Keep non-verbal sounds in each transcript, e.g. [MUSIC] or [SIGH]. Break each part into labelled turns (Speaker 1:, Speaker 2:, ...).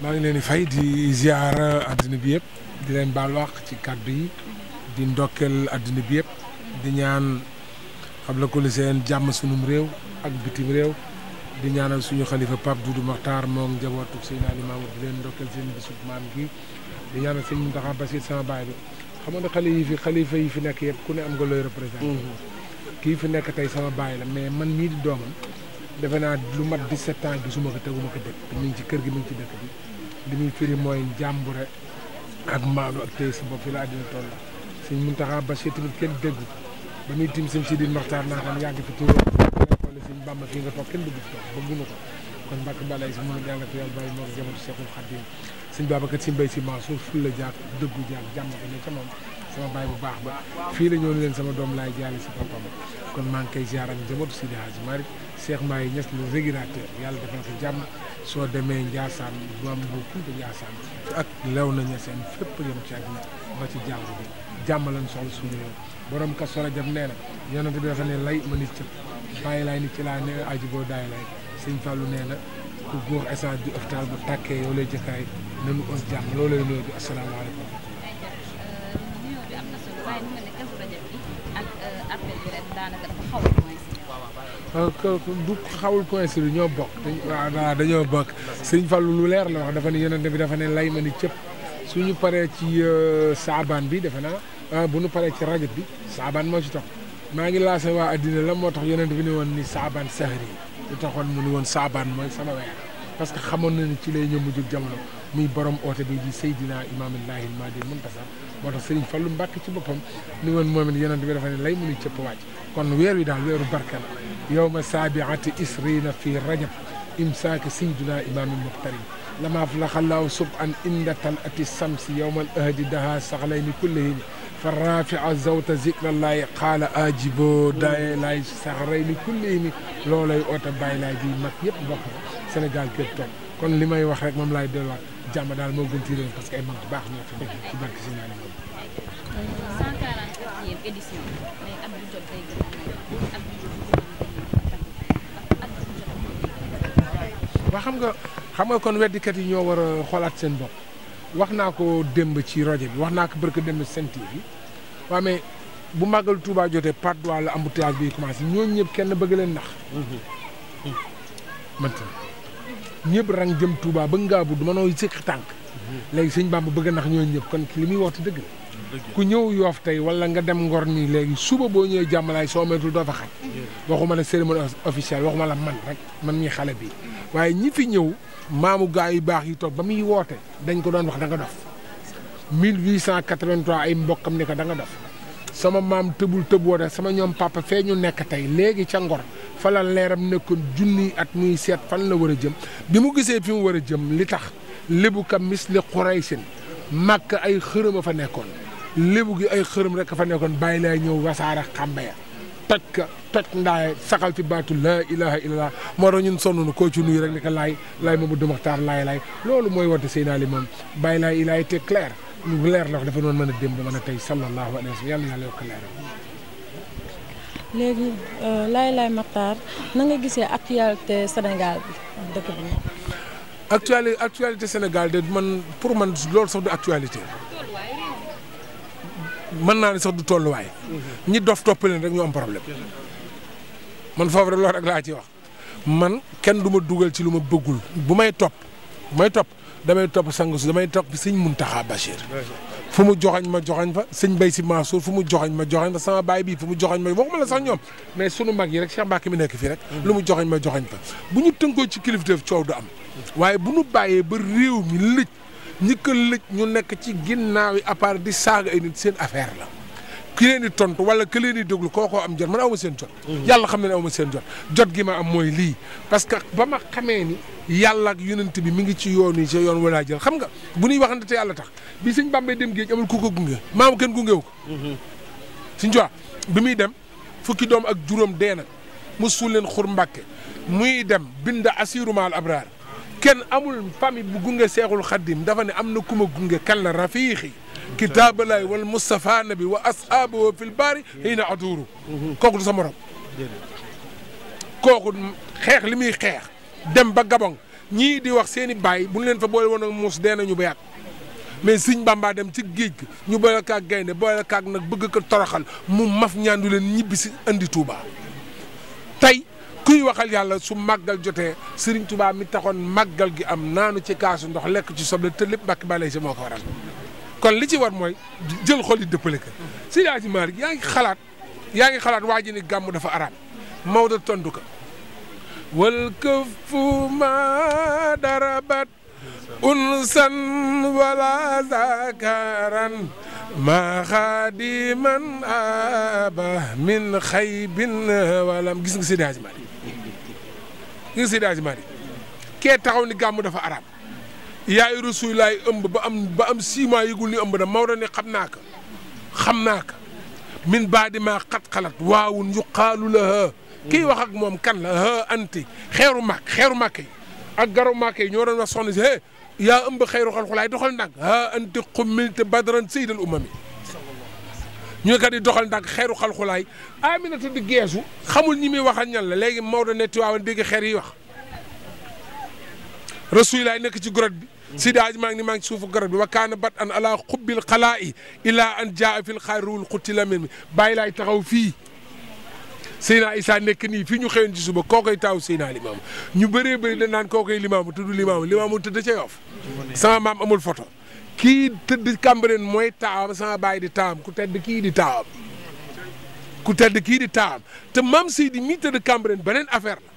Speaker 1: maa ngi leen di fay di ziar àddina bi yëpp di leen baal wax ci kàddu yi di ndokkeel àddina bi yëpp di ñaan xam na ko li seen jàmm sunum réew ak bitim réew di ñaanal suñu xalifa Pape Doudou Makhtar moom njabootu Seydina Limaamu di leen ndokkeel seen bisu maam gi di ñaanal sëñ Mountakha Bassirou sama baay bi xam nga xale yi xalifa yi fi nekk yëpp ku ne am nga looy représenté. Mm-hmm. kii fi nekk tey sama baay la mais man mii di doomam defe naa lu mat 17 ans gisuma ko teguma ko dëkk mi ngi ci kër gi mi ci dëkk bi li muy firi mooy njàmbure ak maalo ak tey si bopp fi la àddina toll suñ taxaa ba si tamit ba muy tim suñ si di maxtaar naa xam yàgg fi tuuroo wala suñ nga toog kon mbàkk balay si mën a jànga fi yàlla bàyyi moo ko jamono Seexul Xadiim suñ si mbéy si Mansour la jaak dëggu jaak jàmm ko ne ca moom bu baax ba fii la ñëw ne leen sama doom laay jaale si papam kon maa ngi koy ziar ak njabootu Sidi Hadji Malick maa yi Niass le régulateur yàlla defal ko jàmm soo demee Ndiassane bam bu Kunta Ndiassane ak lew na Niassène fépp yem ci àddina ba ci jàmm bi jàmm lañ soxla suñu réew borom ka solo jam nee na yonent bi dafa ne lay ma nit cëpp bàyyi laay nit ci laa ne aju boo daay lay sëñ Fallou nee na ku góor essence du hôpital bu tàkkee yow lay jëkkaay nanu os jàmm loolay nuyoo bi asalaamaaleykum am na solo waaye euh, euh, du xawul coïncider ñoo bokk. waaw waaw dañoo bokk sëñ Fallou lu leer la wax dafa ne yonent bi dafa ne lay ma ni cëpp suñu paree ci euh, saabaan bi defe naa bu nu paree ci rajab bi saaban moo ci topp maa ngi laasé waa addina la moo tax yonent bi ne woon ni saabaan sahri lu taxoon mu ne woon saabaan mooy sama weer. parce que xamoon na ni ci lay ñëw mujjug jamono muy borom oote bi di Seydina Imaamul Laahil Mahdi Muntasar moo tax Serigne Fallou ci boppam ni woon moom it yonent bi dafa ne lay mënuy cëpp wàcc kon weer wi daal weeru barke la yow ma saabiati isrina fii rajab imsaaka Seydina Imaamul Muxtarim lamaaf la xalaaw sub an indatal ati samsi yow mal ahdi daha saxlay ni kullahini fa rafia zawta zikrallaahi xaala ajibo daye laay saxaray ni kulli ni loolay oota bàyyi laay bi mag yëpp bokk Sénégal képp toog kon li may wax rek moom laay delluwaat jàmm daal moo gën ci parce que ay mag baax ñoo fi nekk ci barke si naa ne moom. 144e édition mais Abdou Diop day gën a Abdou Diop waa xam nga xam nga kon weddikat yi ñoo war a xoolaat seen bopp. wax naa ko démb ci rajo bi wax naa ko bër démb ci Sen yi waaw mais bu màggal Touba jotee part droit la embouteillage bi commencé ñooñ ñëpp kenn bëgg leen nax. Mm-hmm. maintenant ñëpp rang jëm Touba ba Ngabou du ma nooy sëkk tànk. Mm-hmm. léegi sëñ Bamba bëgg a nax ñooñu ñëpp kon li muy woote dëgg la. ku ñëw yoof tey wala nga dem ngor nii léegi suba boo ñëwee jàmmalaay soo moytul doo fa xaj waxuma la cérémonie officielle waxuma la man rek man ñi xale bi waaye ñi fi ñëw maamu gaa yu baax yi toog ba muy woote dañ ko doon wax da nga dof 1883 ay mbokkam ne ko da nga dof sama maam tëbul tëboo de sama ñoom papa fee nekk tey léegi ca ngor fa la leeram nekkoon junni at muy seet fan la war a jëm bi mu gisee fi mu war a jëm li tax lébu ka misli xuraysin màkk ay xërëm a fa nekkoon lébu gi ay rek fa nekkoon bàyyi lay ñëw wasaara xàmbeya toj ka toj ndaay saxal ci baatu laa ilaha illallah moo tax ñun sonn na rek ne laay laay moomu dumaxtaar loolu mooy wante sëy naa li laay il a été dafa noonu mën a démb mën a tey sallallahu alayhi wa sallam yàlla yàlla yokk leeram léegi euh, laay laay Makhtar na nga gisee actualité Sénégal bi dëkk bi. actualité actualité Sénégal de man pour man loolu sax du actualité. mën naa ne sax du tolluwaay. ñi dof topp rek ñoom am problème. man foofu rek loolu rek laa ci wax man kenn du ma dugal ci lu ma bëggul bu may topp bu may topp damay topp sang su damay topp sëñ Muntaxa Bachir. fu mu joxañ ma joxañ fa sëñ Bay Si Mansour fu mu joxañ ma joxañ fa sama baay bii fu mu joxañ ma waxuma la sax ñoom mais sunu mag yi rek Cheikh Mbacke mi nekk fii rek. lu mu joxañ ma joxañ fa bu ñu tënkoo ci kilifteef coow du am. waaye bu ñu ñi ko ñu nekk ci ginnaaw yi à part di saaga ay nit seen affaire la ki leen di tontu wala ki leen di déglu kookoo am jot man awma seen jot mhm. yàlla xam ne ne awma seen jot jot gi ma am mooy lii parce que ba ma xamee ni yàlla ak yonent bi mi ngi ci yoon yi ci yoon walaa jël xam nga bu ñuy waxante te yàlla tax bi sëñ Bàmbey dem géej amul ku ko gunge maamu kenn gungewu ko mhm. sëñ Tuubaa bi muy dem fukki doom ak juróom dee na mu suul leen xur mbàkke muy dem bind asirumaal abraar kenn amul famille bu gunge seexul xaddim dafa ne am na ku ma gunge kan la rafiixi kitaabalaay wal Mustafa nabi wa asxaabahu fil baari xiina aduuru kooku sa morom kooku xeex li muy xeex dem ba Gabon ñii di wax seeni baay bu ñu leen fa boole woon ak muus dee nañu ba yàgg mais Sëñ Bamba dem ci géej gi ñu boole kaag gaynde boole kaag nag bëgg ko toroxal mu maf ñaandu leen ñibbi si andi Touba tey. kuy waxal yàlla su màggal jotee Serigne Touba mi taxoon màggal gi am naanu ci kaasu ndox lekk ci soble te lépp bakk bàlay si moo ko waral kon li ci war mooy jël xol yi dëppale ka si laaji yaa ngi xalaat yaa ngi xalaat waa ji ni gàmm dafa araam Maodo tontu ko wal këfu ma darabat unsan wala zakaran ma xaadiman aba min xaybin walam gis nga si laaji Malick nga Seydi Hadji Malick kee taxaw ni gàmm dafa arab yaay rasul laay ëmb ba am ba am six ni ëmb na Maodo ne xam naa ko xam naa ka min baadi maa xat xalat waawun yuqaalu la kii wax ak moom kan la ha anti xeeru màkk xeeru màkk yi ak garu màkk yi ñoo doon wax soxna yaa ëmb xeeru xalxulaay doxal ndànk ha anti xummilta badran seydal umami ñu ne kat di doxal ndànk xeeru xalxulaay Aminata di geesu xamul ñi muy waxal ñan la léegi Maodo ne Tiwaawan dégg xeer yi wax rasulilaay nekk ci grotte bi. Sidi Hadj maa ni maa ci suufu grotte bi wa kaana bat an ala xubbil xalaa'i ilaa an jaa fil xayruwul xutti la mi bàyyi laay taxaw fii. Seydina Issa nekk nii fii ñu xëyoon ci suba kookoy taaw Seydina Limaamu ñu bëree bëri dañ naan kookoy Limaamu tudd Limaamu Limaamu tëdd ca Yoof sama maam amul photo kii tëdd Cambérène mooy taawam sama baay di taawam ku tedd kii di taawam ku tedd kii di taawam te mam Seydi di tëdd Cambérène beneen affaire la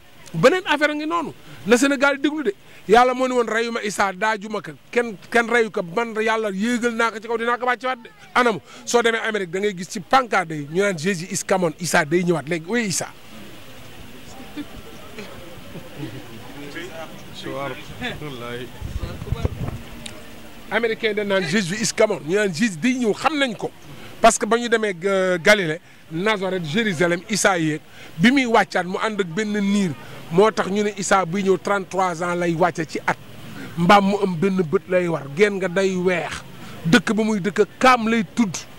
Speaker 1: beneen affaire ngi noonu na senegal déglu de yàlla moo ne woon reyu ma Issa daaju ma ko kenn kenn reyu ko man yàlla yéegal naa ko ci kaw dinaa ko wàcce waat de anamu soo demee Amérique da ngay gis ci panka yi ñu naan Jésus is coming Issa day ñëwaat léegi oui Issa wallaay américain dañ naan juge bi is Gabon ñu naan juge di ñëw xam nañ ko parce que ba ñu demee euh, Galilée Nazareth Jérusalem Issa yeeg bi muy wàccaat mu ànd ak benn niir moo tax ñu ne Issa buy ñëw 33 ans lay wàcce ci at mbaam mu am benn bët lay war genn nga day weex dëkk ba muy dëkk kaam lay tudd.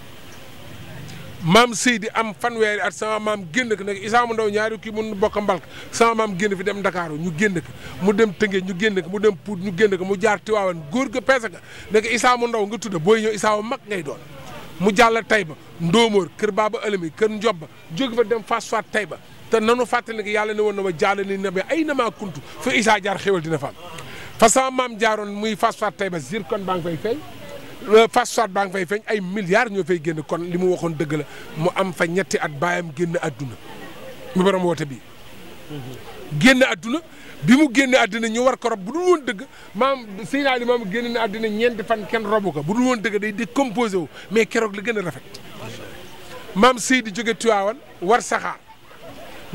Speaker 1: maam Seydi am fanweeri at sama maam génn ko nag Isaama Ndaw ñaari kii mun bokk mbalk sama maam génn fi dem ñu génn ko mu dem Tëngéej ñu génn ko mu dem Pout ñu génn ko mu jaar Tiwaawan góor ga peese ga nag mu Ndaw nga tudda booy ñëw Isaama mag ngay doon mu jàll Tayba Ndóomóor kër Baaba Alami kër Njobba jóge fa dem Fass Faat Tayba te nanu fàttali ne yàlla ne woon na ma jaala ni nabe ay namaa kuntu fa Isaa jaar xéwal dina fa am fa sama maam jaaroon muy Fass Faat Tayba zirkon baa ngi fay phosphate euh, baa ngi fay feeñ ay milliards ñoo fay génn kon li mu waxoon dëgg la mu am fa ñetti at baayam génn àdduna mu borom woote bi mhm. génn àdduna bi mu génn àdduna ñu war ko rob bu dul woon dëgg maam sëy naa li maam génn na àdduna ñeenti fan kenn robu ko bu dul woon dëgg day composé wu mais keroog la gën a rafet maam Seydi jóge Tiwaawan war saxaar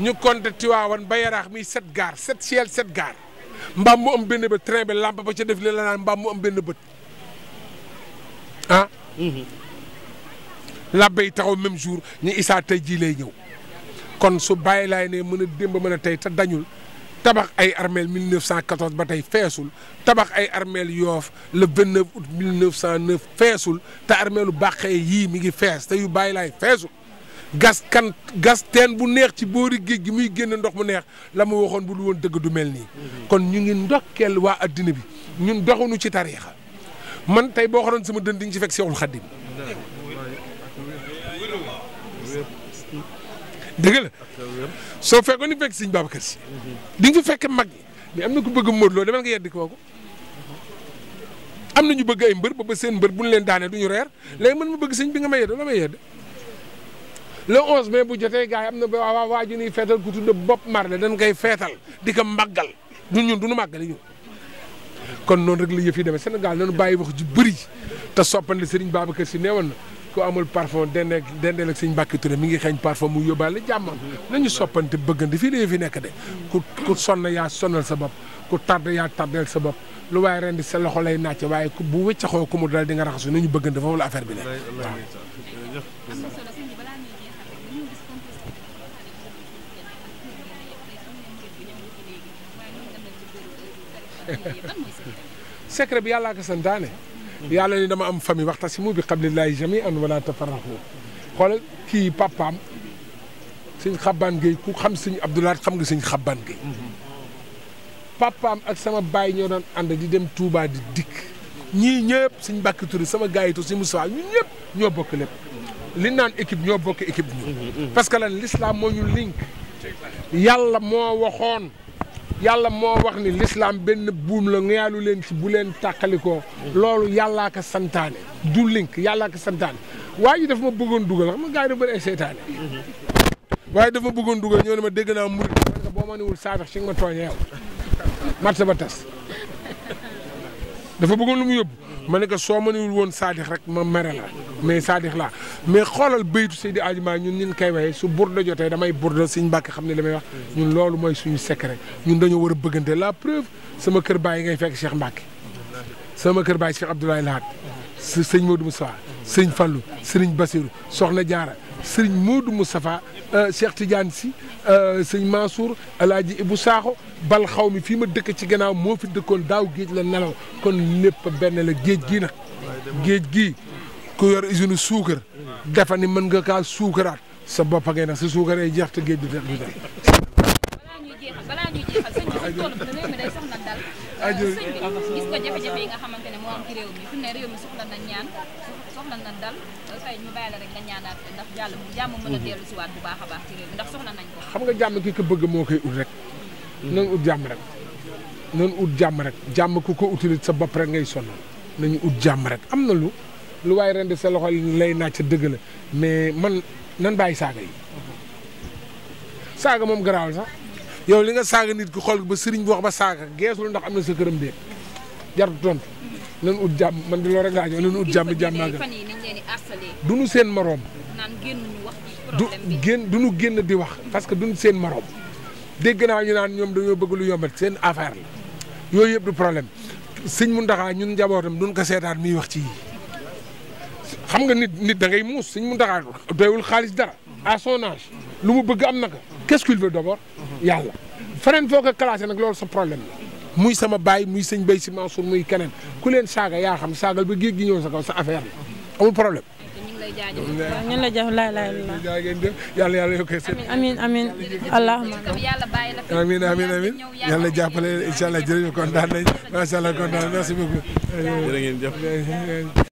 Speaker 1: ñu compté Tiwaawan ba yaraax muy sept gaar sept ciel sept gaar mbaam mu am benn bët train bi lampe ba ca def li la naan mbaam mu am benn bët ah. Mhm. labbe yi taxaw même jour ñu isaa tey jii lay ñëw kon su bàyyi laay ne mën a démb mën a tey te dañul tabax ay armeel 1914 ba tey feesul tabax ay armeel yoof la 29 août 1909 feesul te armeelu bàqee yii mi ngi fees te yu bàyyi laay feesul gas kan gas teen bu neex ci boori géej gi muy génn ndox mu neex la mu waxoon bu du woon dëgg du mel nii mhm. kon ñu ngi ndokkeel waa àddina bi ñun doxunu ci tariixa man tey boo xoroon sama dënd di nga ci fekk Seexul Xaddim dëgg la soo fekkoon ni fekk sëñ Babacar Si di nga fekk mag ñi mais am na ku bëgg Modou Lo demal nga yedd kooku am na ñu bëgg ay mbër ba ba seen mbër bu leen daanee du ñu reer léegi man ma bëgg sëñ bi nga may yedd la may yedd le 11 mai bu jotee gars yi am na ba waa waa ju ñuy feetal ku tudd bopp Marley dañ koy feetal di ko màggal du ñun du ñu màggali ñun. kon noonu rek la yëf yi demee Sénégal nañu bàyyi wax ju bëri te soppandi Serigne Babacar Sy neewoon na ku amul parfum dendee dendeel ak Serigne Mbacké Touré mi ngi xeeñ parfum mu yóbbaale jàmmam nañu soppante bëggante fii la yëf yi nekk de ku ku sonn yaa sonal sa bopp ku tardé yaa tardeel sa bopp lu waaye ren di sa loxo lay nàcce waaye bu wëccaxoo ku mu dal di nga raxasu nañu bëggante foofu la affaire bi ne waaw [LAUGHS] secret bi yàllaa ko santaane. yàlla ni dama am famille waxtasimu bi hablillahi jami'an wala tafarraqu xoolal kii papaam sëñ xabbaan Gueye ku xam sëñ Abdoulaat xam nga sëñ xabbaan Gueye papaam ak sama baay ñoo daan ànd di dem tuubaa di dikk ñii ñëpp sëñ Mbàkke Touré sama gars yi tu sëñ Moussa ñun ñoo bokk lépp li naan équipe ñoo bokk équipe ñu mm-hmm. parce que lan l'islam moo ñu link yàlla moo waxoon yàlla moo wax ni lislaam benn buum la ngayaalu leen ci bu leen tàqalikoo loolu yàllaa ka santaane du link yàllaa ka santaane waaye ji daf ma bëggoon dugal xam nga gars yi dafa bëri ay seytaane waaye daf ma bëggoon dugal ñoo ne ma dégg naa murit parce que boo ma niwul saafex nga ma tooñee yow marché ba tas dafa bëggoon lu mu yóbbu ma ne ko soo mënul woon saadix rek ma mere la mais saadix la mais xoolal béytu Seydi Aji Maalik ñun ñun koy waxee su burda jotee damay burda Sëñ Mbàkke xam ne li may wax ñun loolu mooy suñu secret ñun dañoo war a bëggante la preuve sama kër baay ngay fekk Cheikh Mbàkke sama kër baay Cheikh Abdoulaye Lahat sëñ Modou Moustapha sëñ Fallou sëriñ Basirou soxna Jaara sëriñ Modou Moustapha Euh, Cheikh Tidiane si euh, sëñ Mansour El Hadj bu Sakho bal xaw mi fii ma dëkk ci gannaaw moo fi dëkkoon daaw géej la nelaw kon lépp benn la géej gi nag. géej gi ku yor usine suukar. dafa mën nga kaa suukaraat sa bopp a ngay nag si suukar ay jeex te géej bi fex ñu balaa ñuy jeexal sëñ bi bi euh, nga jafe-jafe yi nga xamante ne moo ci réew mi fi ne réew mi soxla nañ ñaan soxla nañ euh, jàmm nañ ko xam nga jàmm ki ko bëgg moo koy ut rek mm. nañ ut jàmm rek nañ ut jàmm rek jàmm ku ko utilit sa bopp rek ngay sonn nañu ut jàmm rek am na lu lu waaye ren di sa loxo lay naaj sa dëgg la mais man nan bàyyi saaga yi mm-hmm. saaga moom garaawal sax yow li nga saaga nit ki xool ba sëriñ bi wax ba saaga geesul ndax am na sa këram déet jar tontu nan ut jàmm man di loolu rek laa ñëw nan ut jàmm jàmm naa gën du nu seen moroom du génn du nu génn di wax parce que duñu seen moroom dégg naa ñu naan ñoom dañoo bëgg lu yombal seen affaire la yooyu yëpp du problème sëñ Muntaxa ñun njabootam duñ ko seetaat muy wax ci yii xam nga nit nit da ngay muus sëñ Muntaxa doyul xaalis dara à lu mu bëgg am na ko qu'est-ce qu'il yàlla feneen foo ko classé nag loolu sa problème la muy sama baay muy sëñ Bay Si Mansour muy keneen ku leen saaga yaa xam saagal ba géej gi ñëw sa kaw sa affaire la amul problème. ñun la jaajëf laay laay la yàlla yàlla yokkee seen amiin amiin allahumma amiin amiin amiin yàlla jàppale incha allah jërëjëf kontaan nañ macha allah kontaan merci beaucoup